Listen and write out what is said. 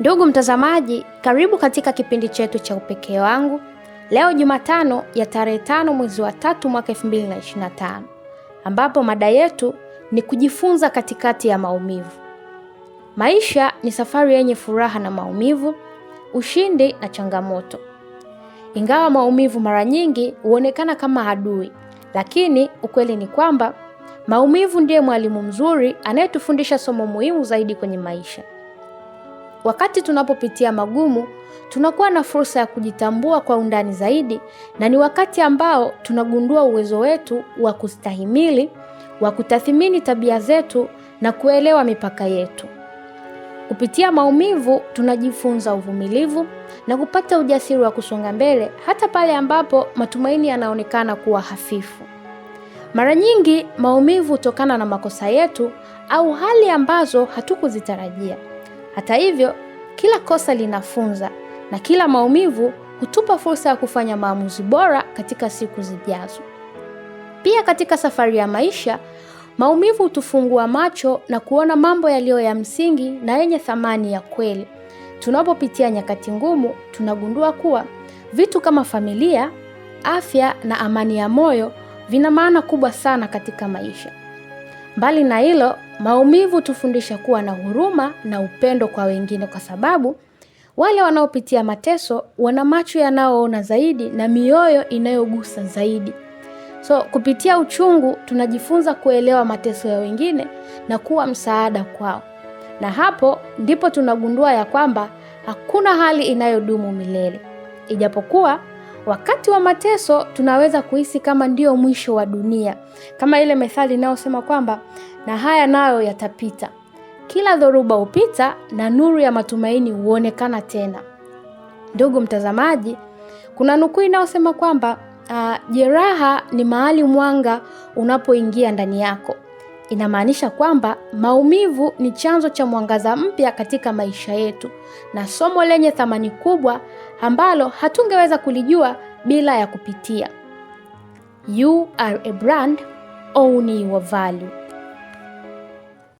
Ndugu mtazamaji, karibu katika kipindi chetu cha Upekee wangu leo Jumatano ya tarehe tano mwezi wa tatu mwaka 2025 ambapo mada yetu ni kujifunza katikati ya maumivu. Maisha ni safari yenye furaha na maumivu, ushindi na changamoto. Ingawa maumivu mara nyingi huonekana kama adui, lakini ukweli ni kwamba maumivu ndiye mwalimu mzuri anayetufundisha somo muhimu zaidi kwenye maisha. Wakati tunapopitia magumu, tunakuwa na fursa ya kujitambua kwa undani zaidi, na ni wakati ambao tunagundua uwezo wetu wa kustahimili, wa kutathimini tabia zetu na kuelewa mipaka yetu. Kupitia maumivu tunajifunza uvumilivu na kupata ujasiri wa kusonga mbele hata pale ambapo matumaini yanaonekana kuwa hafifu. Mara nyingi maumivu hutokana na makosa yetu au hali ambazo hatukuzitarajia. Hata hivyo, kila kosa linafunza na kila maumivu hutupa fursa ya kufanya maamuzi bora katika siku zijazo. Pia katika safari ya maisha, maumivu hutufungua macho na kuona mambo yaliyo ya msingi na yenye thamani ya kweli. Tunapopitia nyakati ngumu, tunagundua kuwa vitu kama familia, afya na amani ya moyo vina maana kubwa sana katika maisha. Mbali na hilo, maumivu tufundisha kuwa na huruma na upendo kwa wengine, kwa sababu wale wanaopitia mateso wana macho yanayoona zaidi na mioyo inayogusa zaidi. So kupitia uchungu tunajifunza kuelewa mateso ya wengine na kuwa msaada kwao, na hapo ndipo tunagundua ya kwamba hakuna hali inayodumu milele, ijapokuwa Wakati wa mateso tunaweza kuhisi kama ndiyo mwisho wa dunia, kama ile methali inayosema kwamba na haya nayo yatapita, kila dhoruba hupita na nuru ya matumaini huonekana tena. Ndugu mtazamaji, kuna nukuu inayosema kwamba uh, jeraha ni mahali mwanga unapoingia ndani yako. Inamaanisha kwamba maumivu ni chanzo cha mwangaza mpya katika maisha yetu na somo lenye thamani kubwa ambalo hatungeweza kulijua bila ya kupitia. You are a brand, own your value.